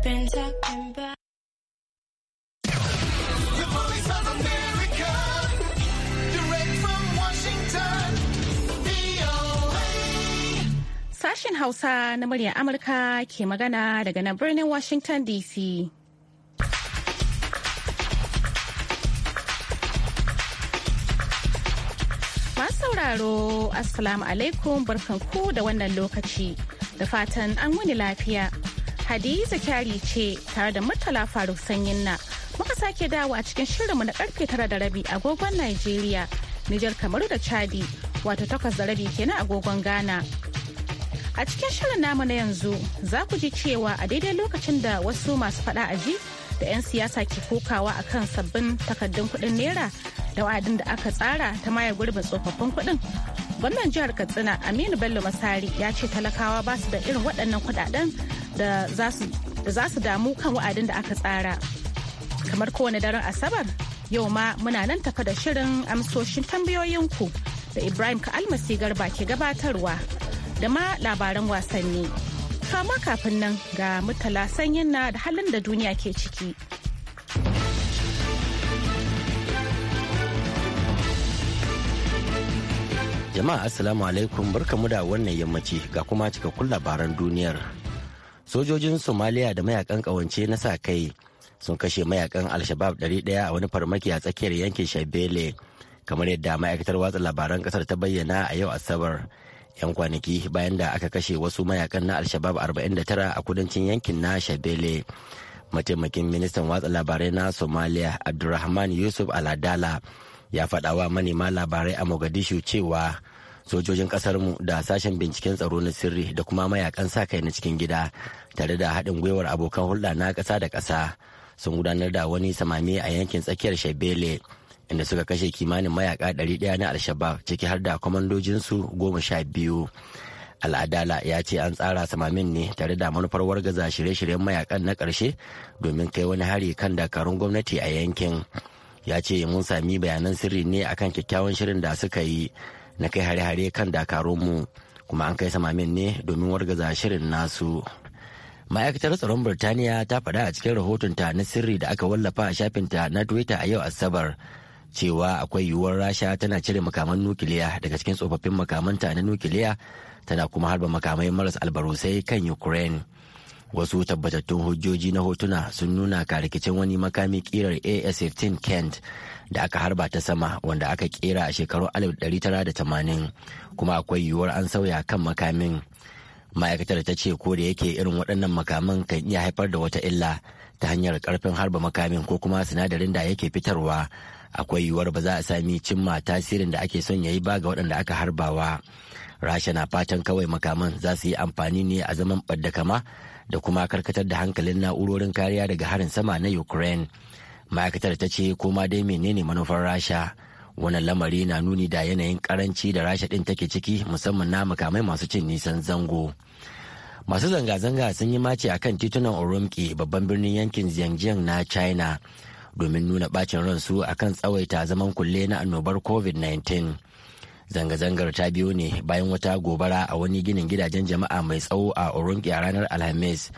Sashen Hausa na muryar Amurka ke magana daga nan birnin Washington DC. Masu sauraro, Assalamu alaikum barkanku da wannan lokaci, da fatan an wuni lafiya. Hadiza kyari ce tare da Murtala Faruk Sanyin na muka sake dawo a cikin shirinmu na karfe tara da rabi agogon Najeriya, Nijar Kamaru da Chadi wato takwas da rabi kenan agogon Ghana. A cikin shirin namu na yanzu za ku ji cewa a daidai lokacin da wasu masu faɗa a ji da 'yan siyasa ke kokawa a kan sabbin takardun kuɗin naira da wa'adin da aka tsara ta maye gurbin tsofaffin kuɗin gwamnan jihar katsina aminu bello masari ya ce talakawa ba su da irin waɗannan kuɗaɗen da za su damu kan wa'adin da aka tsara. Kamar kowane daren Asabar, yau ma muna nan tafa da shirin amsoshin tambayoyinku da Ibrahim ka almasi Garba ke gabatarwa da ma labaran wasanni. kama kafin nan ga mutala sanyin na da halin da duniya ke ciki. Jama'a Assalamu alaikum barkamu da wannan yammaci ga kuma cikakkun labaran duniyar. sojojin somaliya da mayakan kawance na sa kai sun kashe mayakan alshabab 100 a wani farmaki a tsakiyar yankin shabele kamar yadda ma'aikatar watsa labaran kasar ta bayyana a yau asabar yan kwanaki bayan da aka kashe wasu mayakan na alshabab 49 a kudancin yankin na shabele mataimakin ministan watsa labarai na somaliya abdulrahman yusuf aladala ya faɗawa manema labarai a mogadishu cewa sojojin kasarmu da sashen binciken tsaro na sirri da kuma mayakan sa kai na cikin gida tare da haɗin gwiwar abokan hulɗa na ƙasa da ƙasa sun gudanar da wani samami a yankin tsakiyar shebele inda suka kashe kimanin mayaka 100 na alshabab ciki har da kwamandojinsu goma sha biyu al'adala ya ce an tsara samamin ne tare da manufar wargaza shirye-shiryen mayakan na ƙarshe domin kai wani hari kan dakarun gwamnati a yankin ya ce mun sami bayanan sirri ne akan kyakkyawan shirin da suka yi na kai hare-hare kan dakarunmu kuma an kai samamin ne domin wargaza shirin nasu ma'aikatar tsaron birtaniya ta faɗa a cikin rahotonta na sirri da aka wallafa a shafinta na twitter a yau asabar cewa akwai yiwuwar rasha tana cire makaman nukiliya daga cikin tsofaffin makamanta na nukiliya tana kuma harba makamai maras albarusai kan ukraine wasu tabbatattun hujjoji na hotuna sun nuna ka rikicin wani makami kirar as-15 kent da aka harba ta sama wanda aka kera a shekarun 1980 kuma akwai yiwuwar an sauya kan makamin ma'aikatar ta ce ko da yake irin waɗannan makaman kan iya haifar da wata illa ta hanyar karfin harba makamin ko kuma sinadarin da yake fitarwa akwai yiwuwar ba za a sami cimma tasirin da ake son yi ba ga waɗanda aka harbawa rasha na fatan kawai makaman za su yi amfani ne a zaman ɓadda kama da kuma karkatar da hankalin na'urorin kariya daga harin sama na ukraine ma'aikatar ta ce koma dai menene manufar rasha wannan lamari na nuni da yanayin karanci da rasha din take ciki musamman na makamai masu cin nisan zango masu zanga-zanga sun yi mace akan titunan orumki babban birnin yankin Xinjiang na china domin nuna bacin ransu akan tsawaita zaman kulle na annobar covid-19 zanga-zangar ta biyo ne bayan wata gobara a wani ginin gidajen jama'a mai tsawo a orunki a ranar alhamis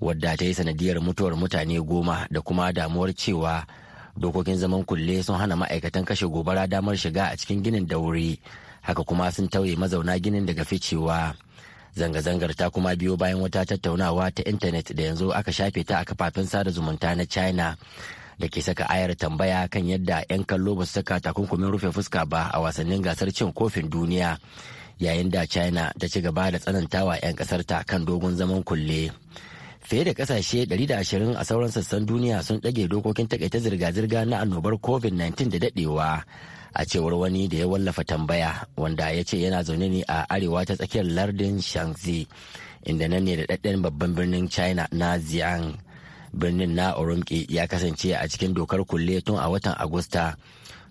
wadda ta yi sanadiyar mutuwar mutane goma da kuma damuwar cewa dokokin zaman kulle sun hana ma'aikatan kashe gobara damar shiga a cikin ginin da wuri haka kuma sun tauye mazauna ginin daga ficewa zanga-zangar ta kuma biyo bayan wata tattaunawa ta intanet da yanzu aka shafe ta a kafafen sada zumunta na china da ke saka ayar tambaya kan yadda 'yan kallo ba su saka takunkumin rufe fuska ba a wasannin gasar cin kofin duniya yayin da china ta ci gaba da tsanantawa 'yan kasarta kan dogon zaman kulle fiye da kasashe 120 a sauran sassan duniya sun ɗage dokokin takaita zirga-zirga na annobar covid-19 da daɗewa a cewar wani da ya wallafa tambaya wanda ya ce yana zaune ne a arewa ta tsakiyar lardin shanxi inda nan ne da ɗaɗɗen babban birnin china na xi'an birnin na oromke ya kasance a cikin dokar kulle tun a watan agusta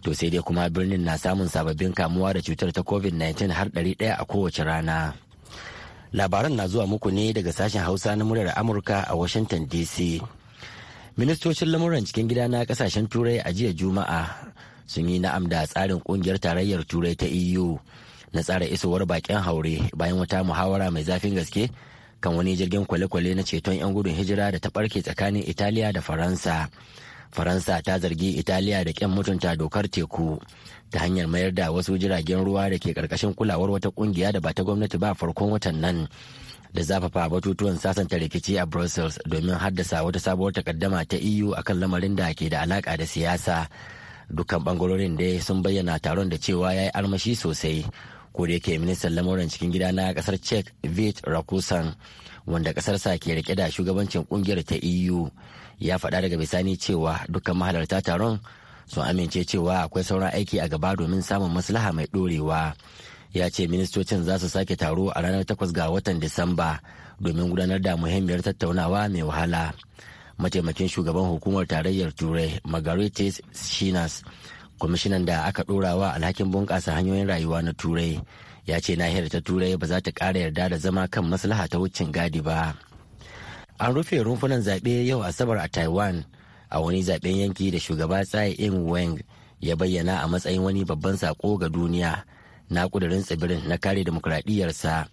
to sai dai kuma birnin na samun sababbin kamuwa da cutar ta covid-19 har 100 a kowace rana labaran na zuwa muku ne daga sashen hausa na muryar amurka a washington dc ministocin lamuran cikin gida na kasashen turai a jiya juma'a sun yi na'am da tsarin kungiyar tarayyar turai ta eu na tsara isowar bakin haure bayan wata muhawara mai zafin gaske kan wani jirgin kwale-kwale na ceton 'yan gudun hijira da ta barke tsakanin italiya da faransa faransa ta zargi italiya da ƙin mutunta dokar teku ta hanyar mayar da wasu jiragen ruwa da ke ƙarƙashin kulawar wata ƙungiya da ba ta gwamnati ba farkon watan nan da zafafa batutuwan sasanta rikici a brussels domin haddasa wata sabuwar takaddama ta eu akan lamarin da ke da alaƙa da siyasa dukkan bangarorin dai sun bayyana taron da cewa ya yi armashi sosai ko da yake ministan lamuran cikin gida na kasar czech vit rakusan wanda kasarsa ke rike da shugabancin kungiyar ta eu ya faɗa daga bisani cewa dukkan mahalarta taron sun amince cewa akwai sauran aiki a gaba domin samun maslaha mai ɗorewa ya ce ministocin za su sake taro a ranar 8 ga watan disamba domin gudanar da muhimmiyar tattaunawa mai wahala mataimakin shugaban hukumar tarayyar turai margaritis shinas kwamishinan da aka ɗorawa alhakin bunƙasa hanyoyin rayuwa na turai ya ce nahiyar ta turai ba za ta kara yarda da zama kan maslaha ta wucin gadi ba an rufe rumfunan zaɓe yau asabar a taiwan a wani zaɓen yanki da shugaba tsaye in weng ya bayyana a matsayin wani babban sako ga duniya na ƙudurin tsibirin na kare dimokuraɗiyyarsa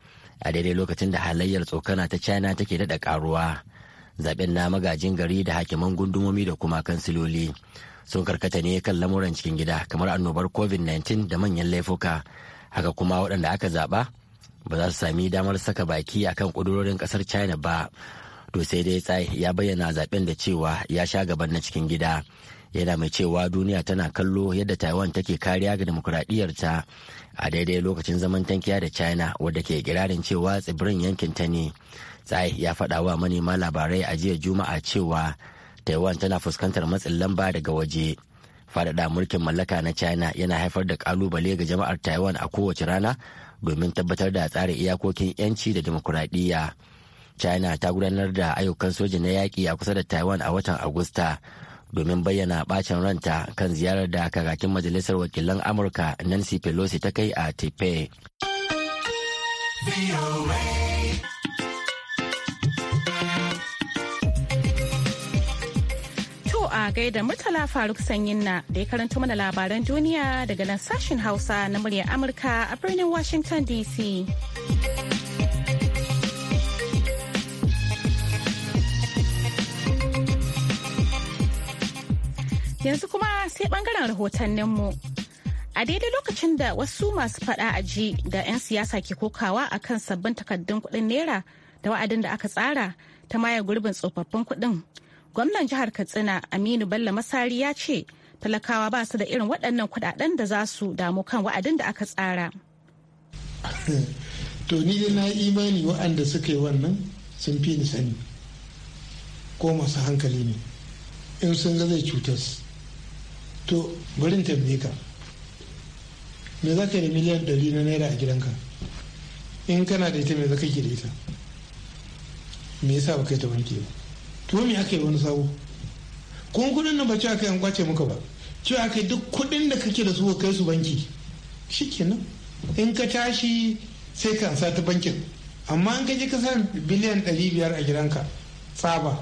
a daidai lokacin da halayyar tsokana ta china take daɗa karuwa zaɓen na magajin gari da hakiman gundumomi da kuma kansiloli sun karkata ne kan lamuran cikin gida kamar annobar covid-19 da manyan laifuka haka kuma waɗanda aka zaɓa ba za su sami damar saka baki a kan ƙudurorin ƙasar china ba to sai dai tsai ya bayyana zaɓen da cewa ya sha gaban na cikin gida yana mai cewa duniya tana kallo yadda taiwan take kariya ga demokuraɗiyyarta a daidai lokacin zaman tankiya da china wadda ke kirarin cewa tsibirin yankin ta ne tsai ya faɗa manema labarai a jiya juma'a cewa taiwan tana fuskantar matsin lamba daga waje faɗaɗa mulkin mallaka na china yana haifar da ƙalubale ga jama'ar taiwan a kowace rana domin tabbatar da tsarin iyakokin 'yanci da demokuraɗiyya china ta gudanar da ayyukan soji na yaƙi a kusa da taiwan a watan agusta domin bayyana ɓacin ranta kan ziyarar da kakakin majalisar wakilan amurka nancy pelosi ta kai a taipei a gaida Murtala Faruk sanyin na da ya karanta mana labaran duniya daga nan sashen Hausa na muryar Amurka a birnin Washington DC. Yanzu kuma sai bangaren rahotanninmu. A daidai lokacin da wasu masu fada ji da 'yan siyasa ke kokawa a kan sabbin takardun kuɗin naira da wa'adin da aka tsara ta maye gurbin tsofaffin kuɗin gwamnan jihar katsina aminu bello masari ya ce talakawa ba su da irin waɗannan kudaden da za su damu kan wa'adin da aka tsara to ni dai na imani waɗanda suka yi wannan sun fi ni sani ko masu hankali ne in sun ga zai cutar to barin tambaye ka me za ka yi da miliyan ɗari na naira a gidanka in kana da ita me za ka yi da ita me yasa ba kai ta wanke ba to me aka yi wani sabo kuma kudin nan ba cewa kai an kwace muka ba cewa kai duk kudin da kake da su kai su banki shikenan in ka tashi sai ka ansa ta bankin amma in ka je ka san biliyan 500 a gidanka tsaba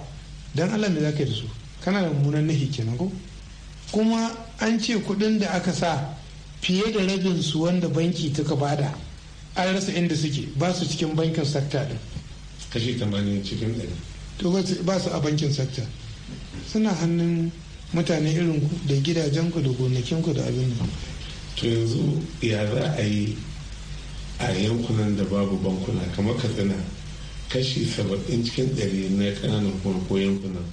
dan Allah me zaka yi da su kana da mummunan nahi kenan ko kuma an ce kudin da aka sa fiye da rabin su wanda banki ta bada an rasa inda suke ba su cikin bankin sakta din kashi 80 cikin 100 to ba su a bankin sakta suna hannun mutane irin ku da gidajenku da gonakinku da abin nan to yanzu ya za a yi a yankunan da babu bankuna kamar katsina kashi saba'in cikin ɗari na kananan kuma ko yankunan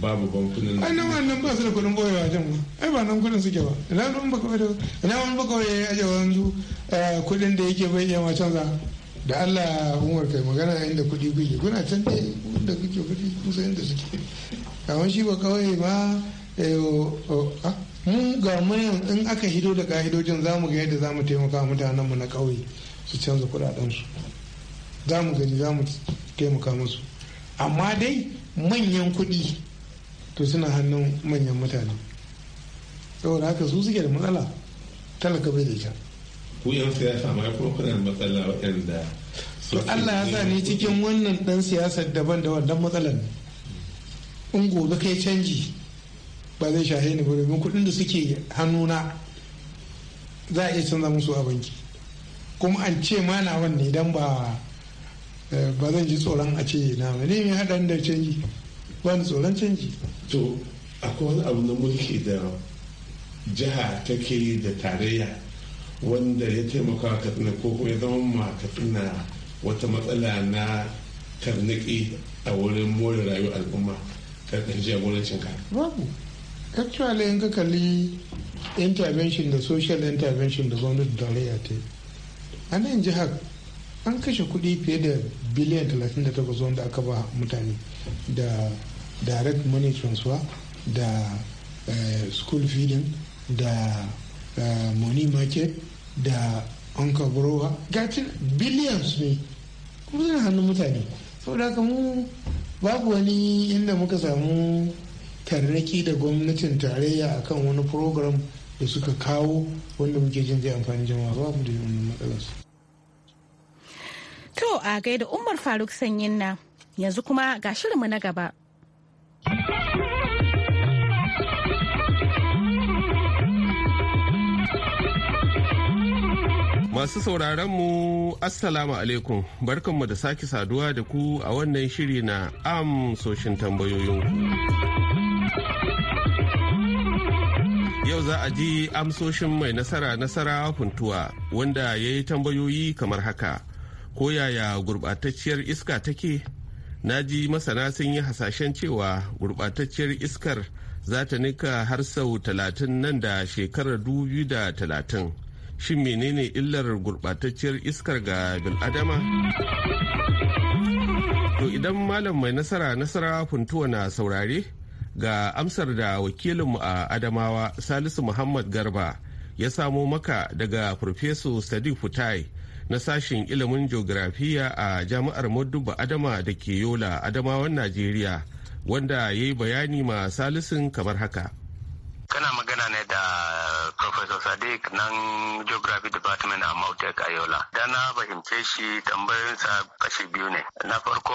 babu bankunan ai nan wannan ba su da kudin boyewa a can ai ba nan kudin suke ba ina wani baka wani baka wani ya ajiye wanzu eh, kudin da yake bai iya macen za. da Allah umar kai magana inda kuɗi kuke kuna can dai da kuke kuɗi kusa inda suke kawai shi ba kawai ma eh, mun ga munan in aka hido da ka'idojin za mu ga yadda za mu taimaka mutanenmu na ƙauye su canza kuɗaɗensu za mu gani za mu taimaka musu amma dai manyan kuɗi to suna hannun manyan mutane saboda haka su suke da matsala talaka bai da ita ku yan siyasa ma kuma kuna matsala waɗanda to Allah ya sa ne cikin wannan dan siyasar daban da wannan matsalar in gobe kai canji ba zai shahe ni ba domin kuɗin da suke hannuna za a iya canza musu a banki kuma an ce ma na wanne idan ba eh, ba zan ji tsoron a ce na ne mai haɗa da canji ba ni tsoron canji to akwai wani abu na mulki da jiha take da tarayya wanda ya taimaka katsina ko kuma ya zama ma katsina wata matsala na karniki a wurin more rayuwar al'umma karkashin jagorancin ka babu actually in ka kalli intervention da social intervention da gwamnati tarayya ta yi a nan jihar an kashe kuɗi fiye da biliyan 38 wanda aka ba mutane da direct money transfer da eh, school feeding da da uh, money market da anka grower gatin billions ne kuma suna hannun mutane saboda haka mu babu wani inda muka samu tarnaki da gwamnatin tarayya akan wani program da suka kawo wanda muke jin zai amfani jama'a babu da wani matsalarsu. to a gaida umar faruk sanyin na yanzu kuma ga shirinmu na gaba. Masu sauraron mu Assalamu alaikum barkanmu da sake saduwa da ku a wannan shiri na amsoshin tambayoyin. Yau za a ji amsoshin mai nasara nasara huntuwa wanda ya yi tambayoyi kamar haka. Ko yaya gurɓatacciyar iska take? Na ji masana sun yi hasashen cewa gurɓatacciyar iskar za ta nika har sau talatin nan da shekarar 2030. shin menene illar gurɓatacciyar iskar ga bil'adama? To idan malam mai nasara nasara funtuwa na saurare ga amsar da wakilinmu a Adamawa Salisu Muhammad Garba ya samo maka daga Farfeso Sadiq Futai na sashen ilimin geografiya a jami'ar mudubba Adama da ke Yola Adamawan Najeriya wanda ya yi bayani ma Salisun kamar haka. Kana magana ne da Professor Sadiq nan Geography Department a Mautek Ayola. Da na fahimce shi tambayoyinsa kashi biyu ne. Na farko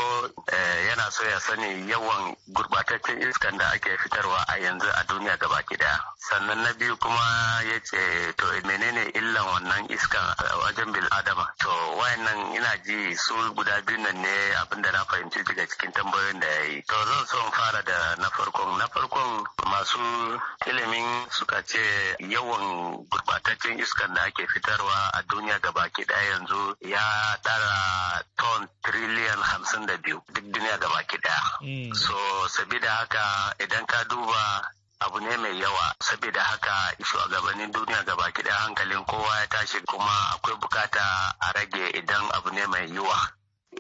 eh, yana so ya sani yawan gurbataccen iskan da ake fitarwa a yanzu a duniya gaba daya. Sannan na biyu kuma ya ce to menene illan wannan iskan a wajen bil adama. To wayannan ina ji su guda biyu nan ne abinda na fahimci daga cikin tambayoyin da ya yi. To zan so fara da na farkon. Na farkon masu ilimin ilimin suka ce yawan gurbataccen iskan da ake fitarwa a duniya baki daya yanzu ya tara ton triliyan hamsin da biyu duk duniya baki daya. Mm. So sabida haka idan ka duba abu ne mai yawa saboda haka shugabannin duniya ga baki kiɗa hankalin kowa ya tashi kuma akwai bukata a rage idan abu ne mai yiwa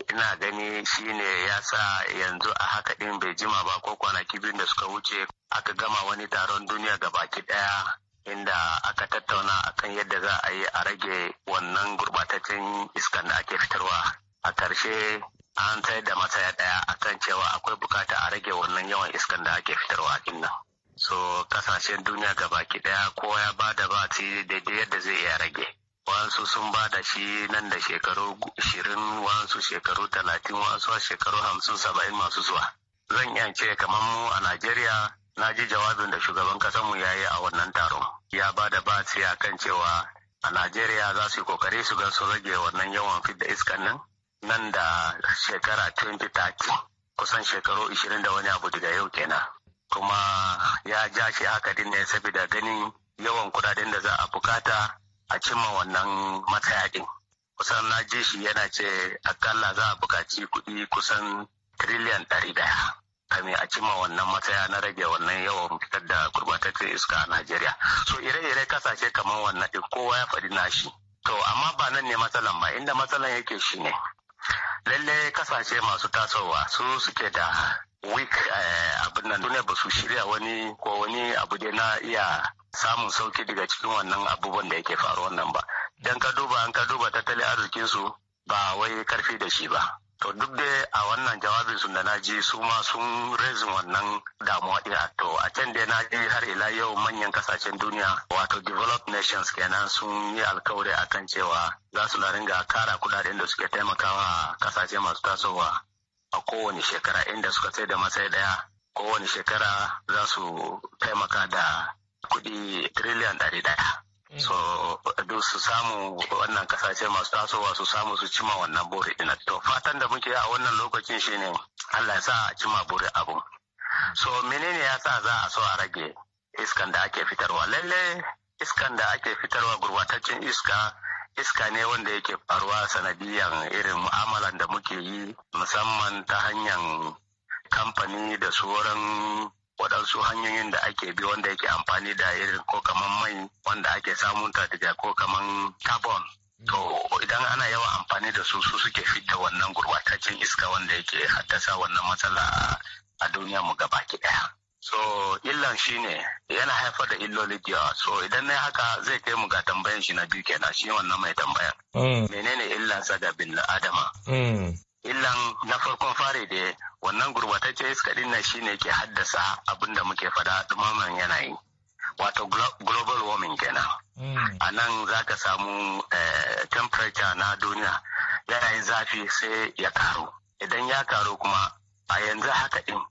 ina gani shine ya sa yanzu a haka ɗin bai jima ba ko kwanaki biyu da suka wuce aka gama wani taron duniya ga baki ɗaya inda aka tattauna akan yadda za a yi a rage wannan gurbataccen iskan da ake fitarwa a ƙarshe an tsayar da masaya ɗaya akan cewa akwai bukata a rage wannan yawan iskan da ake fitarwa a nan so kasashen duniya ga baki ɗaya kowa ya ba da ba daidai yadda zai iya rage wasu sun ba da shi nan da shekaru ashirin wasu shekaru talatin wasu shekaru hamsin saba'in masu zuwa zan iya ce kamar mu a najeriya na ji jawabin da shugaban kasanmu ya yi a wannan taron ya ba da ba a kan cewa a najeriya za su yi kokari su gan su rage wannan yawan fidda iskan nan nan da shekara 2030 kusan shekaru 20 da wani abu daga yau kenan kuma ya ja shi haka din ne saboda ganin yawan kudaden da za a bukata a cimma wannan matayakin kusan na je shi yana ce akalla za a bukaci kuɗi kusan tiriliyan ɗari ɗaya Kami a cimma wannan matsaya na rage wannan yawan fitar da gurbatattun iska a Najeriya. So ire-ire kasashe kamar wannan ɗin kowa ya faɗi nashi. To amma ba nan ne matsalan ba inda matsalan yake shi ne. Lalle kasashe masu tasowa su suke da wik eh, abin nan duniya ba su shirya wani ko wani abu dai na iya samun sauki daga cikin wannan abubuwan da yake faru wannan ba dan ka duba an ka duba tattalin arzikin su ba wai karfi da shi ba to duk da a wannan jawabin su da naji su ma sun rezin wannan damuwa ɗaya to a can da na ji har ila yau manyan kasashen duniya wato developed nations kenan sun yi alkawari akan cewa za su ringa kara kudaden da suke taimakawa kasashe masu tasowa a kowane shekara inda suka sai da matsayi daya kowane shekara za su taimaka da kuɗi triliyan ɗari ɗaya. Mm. so duk su samu wannan kasashe masu tasowa su samu su cima wannan buri ɗin to fatan da muke a wannan lokacin shine Allah ya sa a cima buri abu so menene ya sa za a so a rage iskan da ake fitarwa lalle iskan da ake fitarwa gurbataccen iska iska ne wanda yake faruwa sanadiyan irin mu'amalan da muke yi musamman ta hanyar kamfani da sauran waɗansu hanyoyin da ake bi wanda yake amfani da irin ko kaman mai wanda ake samun ta daga ko kaman carbon to idan ana yawan amfani da su su suke fidda wannan gurbataccen iska wanda yake haddasa wannan matsala a duniya mu gaba ki daya so illan shi ne yana haifar da illoli da yawa so idan na haka zai kai mu ga tambayan shi na biyu kenan shi wannan mai tambayan mm. menene illansa ga bin adama mm. illan na farkon fare da wannan gurbataccen iska din nan shine ke haddasa abin da muke fada dumaman yanayi wato global warming kenan mm. a nan za ka samu eh, temperature na duniya yanayin zafi sai ya karu idan ya karu kuma a yanzu haka din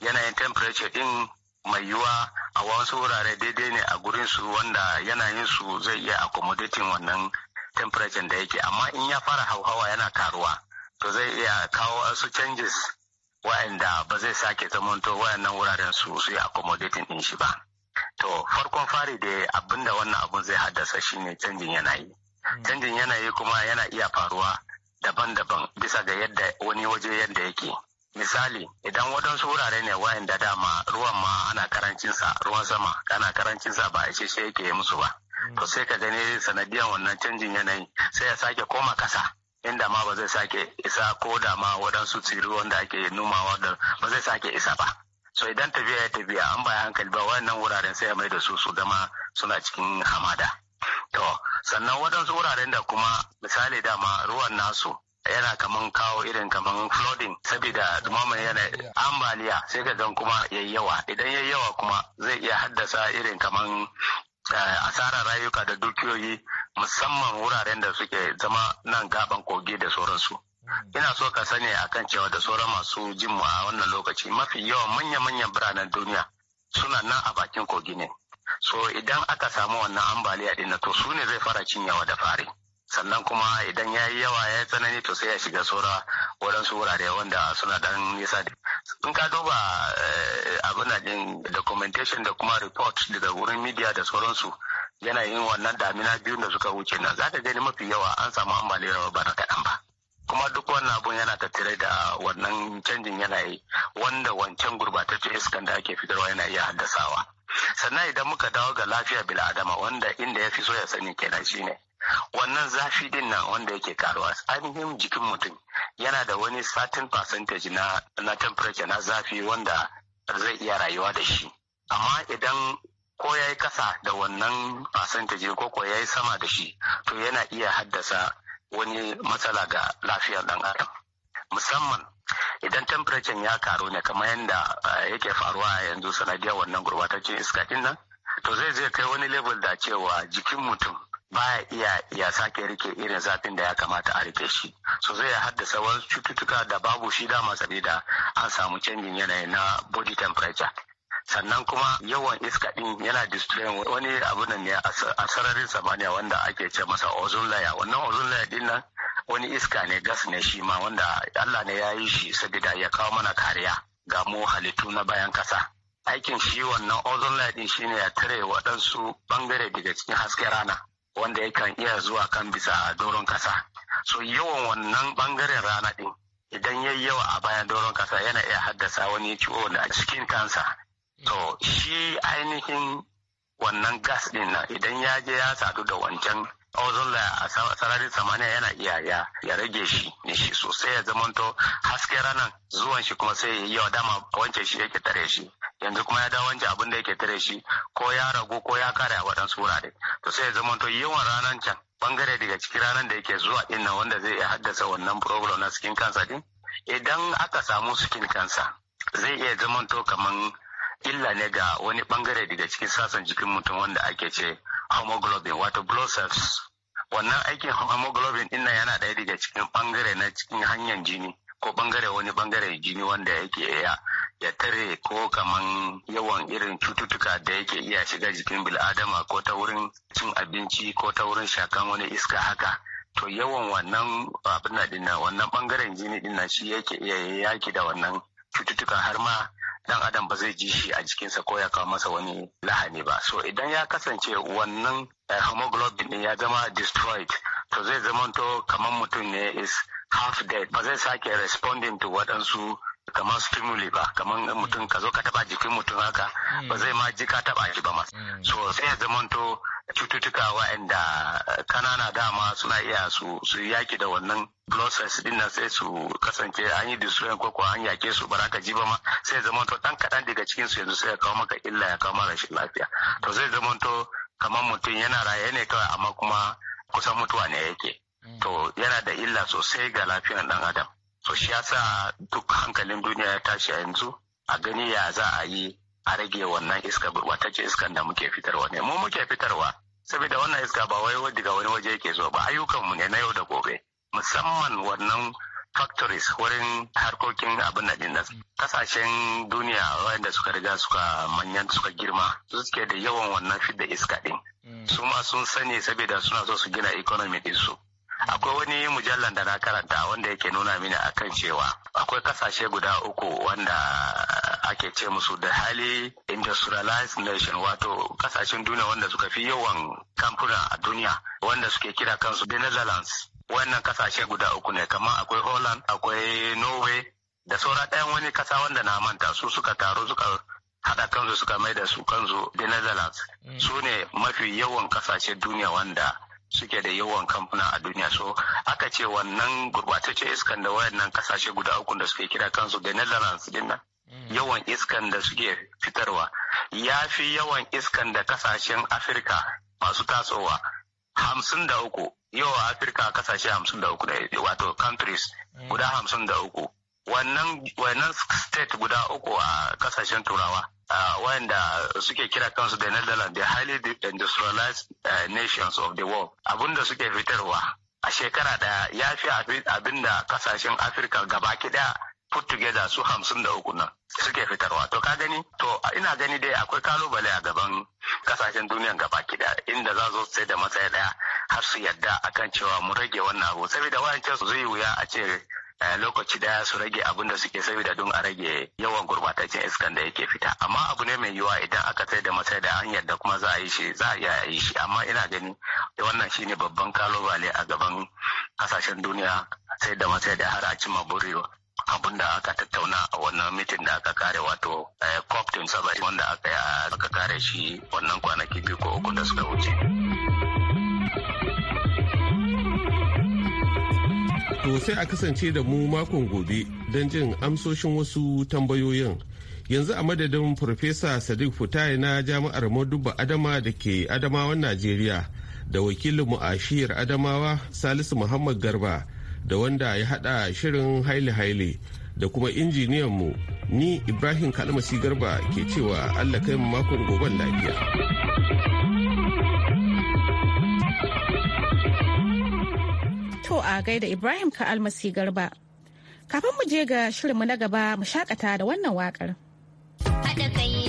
yanayin temperature din mai yiwuwa a wasu wurare daidai ne a gurin su wanda yanayin su zai iya accommodating wannan temperature da yake amma in ya fara hauhawa yana karuwa to zai iya kawo wasu changes wa'anda ba zai sake zamanto wayannan wuraren su su yi accommodating din shi ba to farkon fari da abinda wannan abun zai haddasa shine canjin yanayi hmm. canjin yanayi kuma yana iya faruwa daban-daban bisa ga yadda wani waje yadda yake misali idan wadansu wurare ne wayanda dama ruwan ma ana karancinsa ruwan sama ana karancinsa ba ishe shi yake musu ba hmm. to sai ka gani sanadiyan wannan canjin yanayi sai ya sake koma kasa inda ma ba zai sake isa ko da ma waɗansu tsiri wanda ake numawa da ba zai sake isa ba so idan tafiya ya tafiya an baya hankali ba wayannan wuraren sai ya mai da su su zama suna cikin hamada to sannan waɗansu wuraren da kuma misali dama ruwan nasu yana kaman kawo irin kaman flooding saboda dumaman yana ambaliya sai ka gan kuma yayi yawa idan yayi yawa kuma zai iya haddasa irin kaman Eh, asarar rayuka da dukiyoyi musamman wuraren da suke zama nan gaban kogi da sauransu. Hmm. Ina so ka sani akan cewa da sauran masu jin mu a wannan lokaci mafi yawan manya-manyan biranen duniya suna nan a bakin kogi ne. So idan aka samu wannan ambaliya din to su ne zai fara cinyawa da fari. sannan kuma idan ya yi yawa ya tsanani to sai ya shiga saura waɗansu wurare wanda suna dan nisa in ka duba eh, abin din documentation da kuma report daga wurin media da sauransu yana yin wannan damina biyu da suka wuce na za ka gani mafi yawa an samu ambaliyar ba na kaɗan ba kuma duk wannan abun yana tattare da wannan canjin yanayi wanda wancan gurbatacce iskan da ake fitarwa yana iya haddasawa sannan idan muka dawo ga lafiya Adama, wanda inda ya fi so ya sani kenan shine wannan zafi din na wanda yake karuwa ainihin jikin mutum yana da wani satin percentage na na temperature na zafi wanda zai iya rayuwa da shi amma idan ko ya yi kasa da wannan percentage ko ko ya yi sama da shi to yana iya haddasa wani matsala ga lafiyar dan adam musamman idan temperature ya karu ne kamar yadda eh, yake faruwa a yanzu sanadiyar wannan gurbataccen iska nan to zai zai kai wani level da cewa jikin mutum baya iya ya sake rike irin zafin da ya kamata a rike shi so zai haddasa wasu cututtuka da babu shi dama sabida an samu canjin yanayi na body temperature sannan kuma yawan iska din yana destroying wani abu ne a sararin samaniya wanda ake ce masa ozone layer wannan ozone layer din nan wani iska ne gas ne shi ma wanda Allah ne ya yi shi saboda ya kawo mana kariya ga mu halittu na bayan kasa aikin shi wannan ozone layer din shine ya tare waɗansu bangare daga cikin hasken rana wanda yakan iya zuwa kan bisa a doron kasa so yawan wannan bangaren rana din idan ya yawa a bayan doron kasa yana iya haddasa wani ciwo da cikin kansa to shi ainihin wannan gas din nan idan ya je ya sadu da wancan ozolla a sararin samaniya yana iya ya rage shi ne shi sosai ya zamanto haske ranar zuwan shi kuma sai yawa dama wancan shi yake tare shi yanzu kuma ya dawo wancan abin da yake tare shi ko ya ragu ko ya kare a waɗansu wurare to sai ya zamanto yawan ranar can bangare daga cikin ranar da yake zuwa din nan wanda zai iya haddasa wannan problem na skin cancer din idan aka samu skin cancer zai iya zamanto kaman illa ne ga wani bangare daga cikin sassan jikin mutum wanda ake ce homoglobin wato blood cells wannan aikin homoglobin ina yana ɗaya daga cikin bangare na cikin hanyar jini ko bangare wani bangare jini wanda yake ya ya tare ko kaman yawan irin cututtuka da yake iya shiga jikin bil'adama ko ta wurin cin abinci ko ta wurin shakan wani iska haka to yawan wannan abin wannan bangaren jini din shi yake iya yaki da wannan cututtuka har ma dan adam ba zai ji shi a jikinsa ko ya kawo masa wani lahani ba so idan ya kasance wannan eh, hemoglobin ya zama destroyed to zai zamanto kamar mutum ne is half dead ba zai sake responding to waɗansu kamar stimuli ba kamar mutum ka zo ka taba jikin mutum haka hmm. ba zai ma ji ka taba shi ba ma hmm. so sai ya zamanto cututtuka waɗanda kanana dama suna iya su su yaki da wannan process din nan sai su kasance an yi destroying ko ko an yake su baraka ji ba ma sai zamanto dan kaɗan daga cikin su yanzu sai ya kawo maka illa ya kawo rashin lafiya to zai zamanto kamar mutum yana raye ne kawai amma kuma kusan mutuwa ne yake hmm. to yana da illa sosai ga lafiyar dan adam to shi yasa duk hankalin duniya ya tashi a yanzu a gani ya za a yi a rage wannan iska ce iskan da muke fitarwa ne mu muke fitarwa saboda wannan iska ba wai daga wani waje yake zuwa ba ayyukan mu ne na yau da gobe musamman wannan factories wurin harkokin abin da din kasashen duniya wanda suka riga suka manyan suka girma suke da yawan wannan fidda iska din mm. su ma sun sani saboda suna so su gina economy din su akwai wani mujallar da na karanta wanda yake nuna mini akan cewa akwai kasashe guda uku wanda ake ce musu da hali industrialized nation wato kasashen duniya wanda suka fi yawan kamfuna a duniya wanda suke kira kansu the netherlands wannan kasashe guda uku ne kamar akwai holland akwai norway da saura ɗayan wani kasa wanda na manta su suka taru suka haɗa kansu suka mai da su kansu the netherlands mm. su ne mafi yawan kasashe duniya wanda suke da yawan kamfuna a duniya so aka ce wannan gurbatacce iskan da wayannan kasashe guda uku da suke kira kansu da netherlands din nan mm. yawan iskan da suke fitarwa ya fi yawan iskan da kasashen afirka masu tasowa hamsin da uku yawa afirka kasashe hamsin da uku wato countries mm. guda hamsin da uku wannan state guda uku a kasashen turawa wanda suke kira kansu da Netherlands the highly industrialized eh, nations of the world abinda suke fitarwa a shekara da ya fi abinda kasashen Afirka gaba kida put together su hamsin da uku nan suke fitarwa to ka gani to ina gani dai akwai kalubale a gaban kasashen duniyan gaba kida inda za zo sai da matsaya ɗaya har su yadda akan cewa mu rage wannan abu saboda wayancin su zai wuya a ce Eh, lokaci daya su rage abin da suke saboda don a rage yawan gurbataccen iskan da yake fita amma abu ne mai yiwuwa idan aka sai da matsayi da hanyar da kuma za a yi shi za a iya yi shi amma ina gani wannan shine babban kalubale a gaban kasashen duniya sai da matsayi da har a cimma buri abin da aka tattauna a wannan mitin da aka kare wato eh, cop 27 wanda aka kare shi wannan kwanaki biyu ko uku da suka wuce. To sai a kasance da mu makon gobe don jin amsoshin wasu tambayoyin. Yanzu a madadin Farfesa Sadiq futai na Jami'ar Maduba Adama da ke Adamawan Najeriya da wakilinmu a shiyar Adamawa Salisu Muhammad Garba da wanda ya hada shirin haile-haile da kuma mu ni Ibrahim Kalmasi Garba ke cewa Allah kai makon goben lafiya. To a gaida Ibrahim ka almasi garba. Kafin mu je ga shirinmu na gaba mu shakata da wannan waƙar. Haɗa kai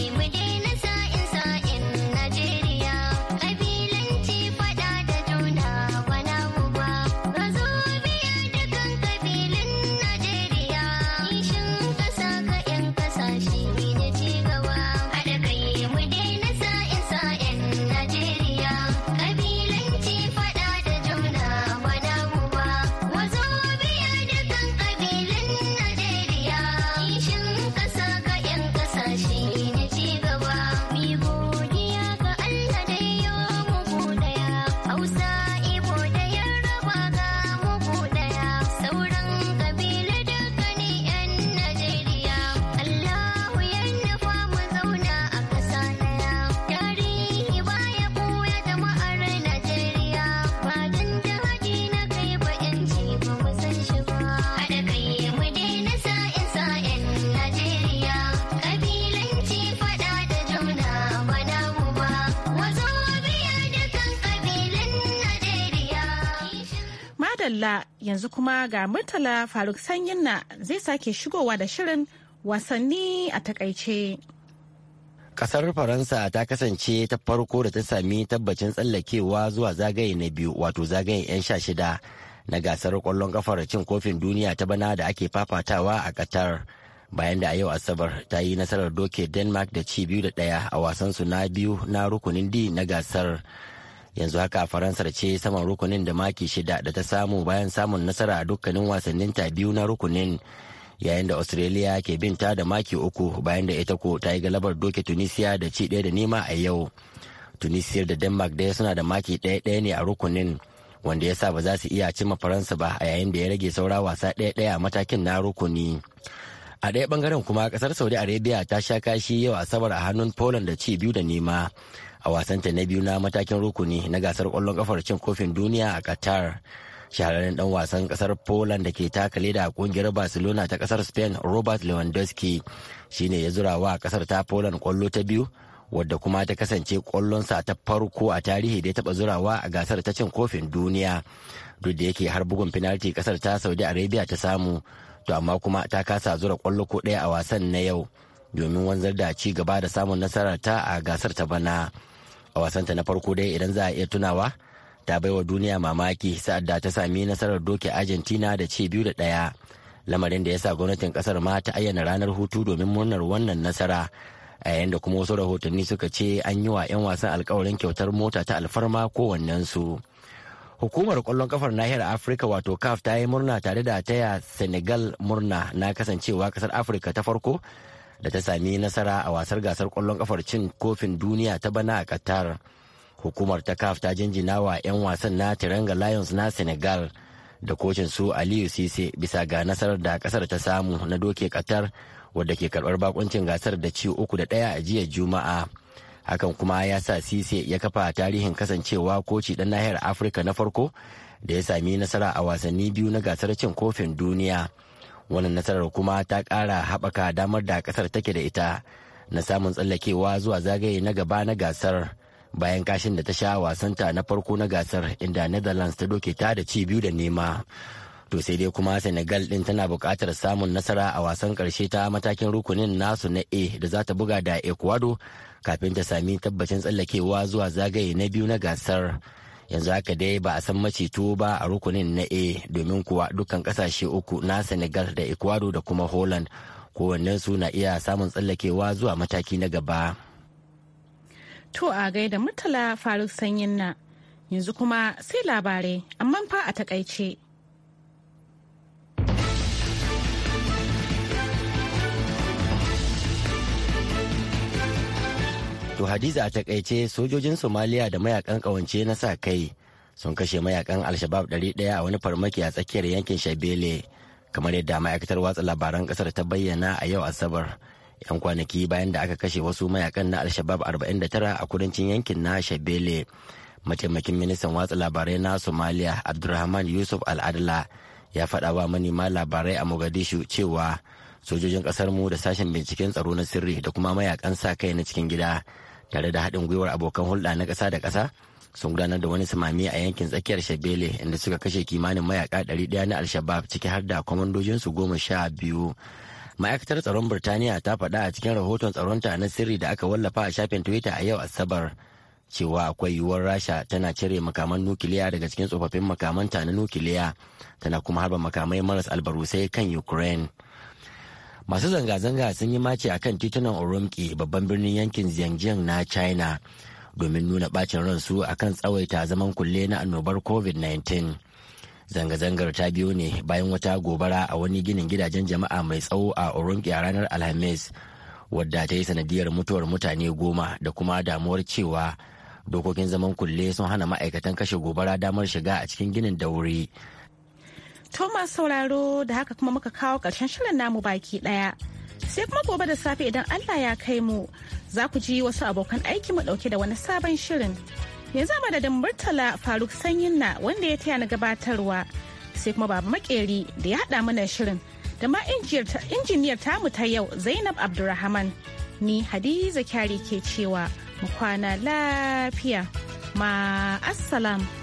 yanzu kuma ga Murtala Faruk Sanyinna zai sake shigowa da shirin wasanni a takaice. Kasar Faransa ta kasance ta farko da ta sami tabbacin tsallakewa zuwa zagaye na biyu wato zagayen 'yan sha shida na gasar kwallon kafar cin kofin duniya ta bana da ake fafatawa a Qatar. bayan da a yau asabar ta yi nasarar doke denmark da ci biyu da daya a wasansu na biyu na rukunin d na gasar yanzu haka faransar ce saman rukunin da maki shida da ta samu bayan samun nasara a dukkanin wasannin ta biyu na rukunin yayin da australia ke bin ta da maki uku bayan da ita ko ta yi galabar doke tunisia da ci daya da nema a yau tunisiyar da denmark dai suna da maki ɗaya ɗaya ne a rukunin wanda ya sa ba za su iya cima faransa ba a yayin da ya rage saura wasa ɗaya ɗaya a matakin na rukuni a ɗaya bangaren kuma kasar saudi arabia ta sha kashi yau asabar a hannun poland da ci biyu da nema a wasanta na biyu na matakin rukuni na gasar kwallon kafar cin kofin duniya a qatar shahararren dan wasan kasar poland da ke taka leda a kungiyar barcelona ta kasar spain robert lewandowski shine ya zura wa kasar ta poland kwallo ta biyu wadda kuma ta kasance kwallonsa ta farko a tarihi da ya taba zurawa a gasar ta cin kofin duniya duk da yake har bugun finalti kasar ta saudi arabia ta samu to amma kuma ta kasa zura kwallo ko daya a wasan na yau domin wanzar da ci gaba da samun nasarar ta a gasar ta bana. a wasanta na farko dai idan za a iya tunawa ta baiwa duniya mamaki sa'ad da ta sami nasarar doke argentina da ce biyu da ɗaya lamarin da ya sa gwamnatin kasar ma ta ayyana ranar hutu domin murnar wannan nasara a yayin da kuma wasu rahotanni suka ce an yi wa 'yan wasan alkawarin kyautar mota ta alfarma su. hukumar kwallon kafar nahiyar afirka wato caf ta yi murna tare da taya senegal murna na kasancewa kasar afirka ta farko da ta sami nasara a wasar gasar kwallon kafar cin kofin duniya ta bana a qatar hukumar ta kaf ta jinjina wa 'yan wasan na tiranga lions na senegal da kocin su aliyu sise bisa ga nasarar da kasar ta samu na doke qatar wadda ke karbar bakuncin gasar da ci uku da daya a jiya juma'a hakan kuma ya sa sise ya kafa tarihin kasancewa koci dan nahiyar afirka na farko da ya sami nasara a wasanni biyu na gasar cin kofin duniya wannan nasarar kuma ta kara haɓaka damar da ƙasar take da ita na samun tsallakewa zuwa zagaye na gaba na gasar bayan kashin da ta sha wasanta na farko na gasar inda netherlands ta doke ta da ci biyu da nema to sai dai kuma senegal din tana buƙatar samun nasara a wasan ƙarshe ta matakin rukunin nasu na a da za ta buga da ecuador kafin ta sami tabbacin tsallakewa zuwa zagaye na biyu na gasar yanzu haka dai ba a san maceto ba a rukunin na a domin kuwa dukkan kasashe uku na senegal da ecuador da kuma holland su na iya samun tsallakewa zuwa mataki na gaba to a gaida murtala faruk sanyin na yanzu kuma sai labarai amma fa a takaice To Hadiza a takaice sojojin Somaliya da mayakan kawance na sa kai sun kashe mayakan Alshabab 100 a wani farmaki a tsakiyar yankin Shabele kamar yadda ma'aikatar watsa labaran kasar ta bayyana a yau Asabar. 'Yan kwanaki bayan da aka kashe wasu mayakan na Alshabab 49 a kudancin yankin na Shabele. Mataimakin ministan watsa labarai na Somaliya Abdulrahman Yusuf Al'adala ya faɗa wa manema labarai a Mogadishu cewa sojojin kasar mu da sashen binciken tsaro na sirri da kuma mayakan sa kai na cikin gida tare da haɗin gwiwar abokan hulɗa na ƙasa da ƙasa sun gudanar da wani samami a yankin tsakiyar shabele inda suka kashe kimanin mayaka 100 na alshabab ciki har da su goma sha biyu ma'aikatar tsaron birtaniya ta faɗa a cikin rahoton tsaron ta na sirri da aka wallafa a shafin twitter a yau asabar cewa akwai yiwuwar rasha tana cire makaman nukiliya daga cikin tsofaffin makamanta na nukiliya tana kuma harba makamai maras albarusai kan ukraine masu zanga-zanga sun yi mace a kan titunan Urumqi babban birnin yankin Xinjiang na china domin nuna bacin ransu a kan tsawaita zaman kulle na annobar covid-19 zanga-zangar ta biyo ne bayan wata gobara a wani ginin gidajen jama'a mai tsawo a Urumqi a ranar alhamis wadda ta yi sanadiyar mutuwar mutane goma da kuma damuwar cewa dokokin zaman kulle sun hana ma'aikatan kashe gobara damar shiga a cikin ginin da wuri Thomas sauraro da haka kuma muka kawo ƙarshen shirin namu baki ɗaya. Sai kuma gobe da safe idan Allah ya kai mu za ku ji wasu abokan aiki mu ɗauke da wani sabon shirin. Yanzu madadin Murtala Faruk Sanyin na wanda ya taya na gabatarwa. Sai kuma Baba Makeri da ya haɗa mana shirin. Da ma injiniyar tamu ta yau Zainab Abdulrahman. Ni Hadiza Kyari ke cewa mu kwana lafiya. Ma